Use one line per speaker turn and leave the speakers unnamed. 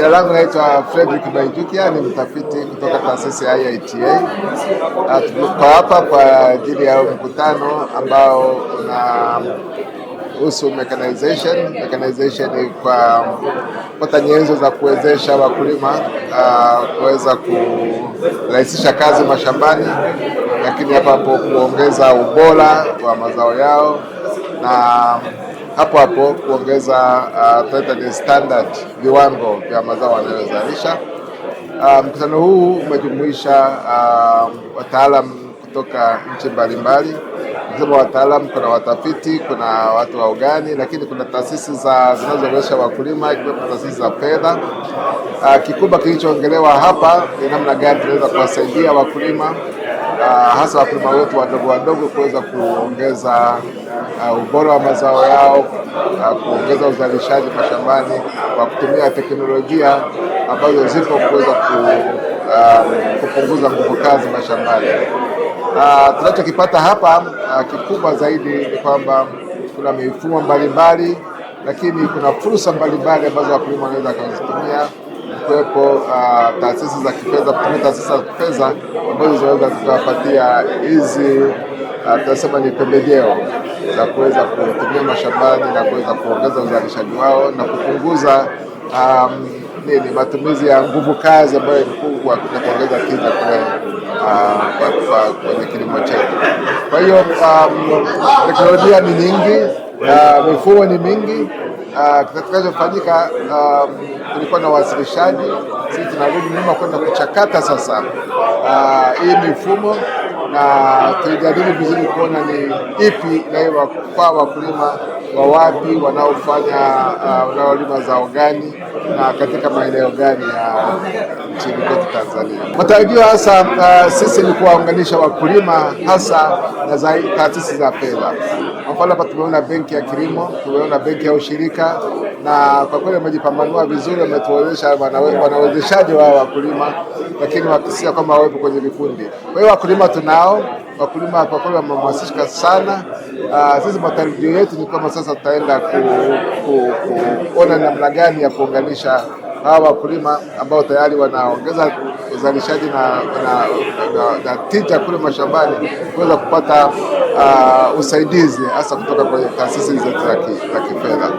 Jina langu naitwa Frederick Baidukia, ni mtafiti kutoka taasisi ya IITA. Tuko hapa kwa ajili ya mkutano ambao unahusu mechanization. Mechanization ni kwa kupata nyenzo za kuwezesha wakulima ah, kuweza kurahisisha kazi mashambani, lakini hapa kuongeza ubora wa mazao yao na hapo hapo kuongeza uh, standard viwango vya mazao wanayozalisha. Uh, mkutano um, huu umejumuisha uh, wataalam kutoka nchi mbalimbali. Kusema wataalam, kuna watafiti, kuna watu wa ugani, lakini kuna taasisi za zinazowezesha wakulima ikiwemo taasisi za fedha. Uh, kikubwa kilichoongelewa hapa ni namna gani tunaweza kuwasaidia wakulima uh, hasa wakulima wetu wadogo wadogo kuweza kuongeza uh, ubora wa mazao yao, uh, kuongeza uzalishaji mashambani kwa kutumia teknolojia ambazo zipo kuweza ku, uh, kupunguza nguvu kazi mashambani. Uh, tunachokipata hapa uh, kikubwa zaidi ni kwamba kuna mifumo mbalimbali, lakini kuna fursa mbalimbali ambazo wakulima wanaweza wakazitumia kuwepo uh, taasisi za kifedha, kutumia taasisi za kifedha ambazo zinaweza zikawapatia hizi uh, tunasema ni pembejeo za kuweza kutumia mashambani na kuweza kuongeza uzalishaji wao na kupunguza um, nini matumizi ya nguvu kazi ambayo ni kubwa na kuongeza tija uh, kwenye kilimo chetu. Kwa hiyo um, teknolojia ni nyingi na mifumo ni mingi. Uh, kitakachofanyika um, kulikuwa um, na uwasilishaji. Sisi tunarudi nyuma kwenda kuchakata sasa uh, hii mifumo na tulijadili vizuri kuona ni ipi inayowafaa wakulima wa wapi wanaofanya uh, wanaolima uh, zao gani na katika maeneo gani ya nchini kwetu Tanzania. Matarajio hasa uh, sisi ni kuwaunganisha wakulima hasa na taasisi za fedha. Kwa mfano hapa tumeona benki ya kilimo, tumeona benki ya ushirika, na kwa kweli wamejipambanua vizuri, wametuonyesha wanawezeshaji wao wakulima, lakini wakisia kwamba wawepo kwenye vikundi. Kwa hiyo wakulima tunao wakulima kwa kweli wamehamasishika sana. Aa, ah, sisi matarajio yetu ni kwamba sasa tutaenda kuona ku, ku, namna gani ya kuunganisha hawa wakulima ambao tayari wanaongeza uzalishaji na, na, na, na tija kule mashambani kuweza kupata uh, usaidizi hasa kutoka kwenye taasisi za kifedha.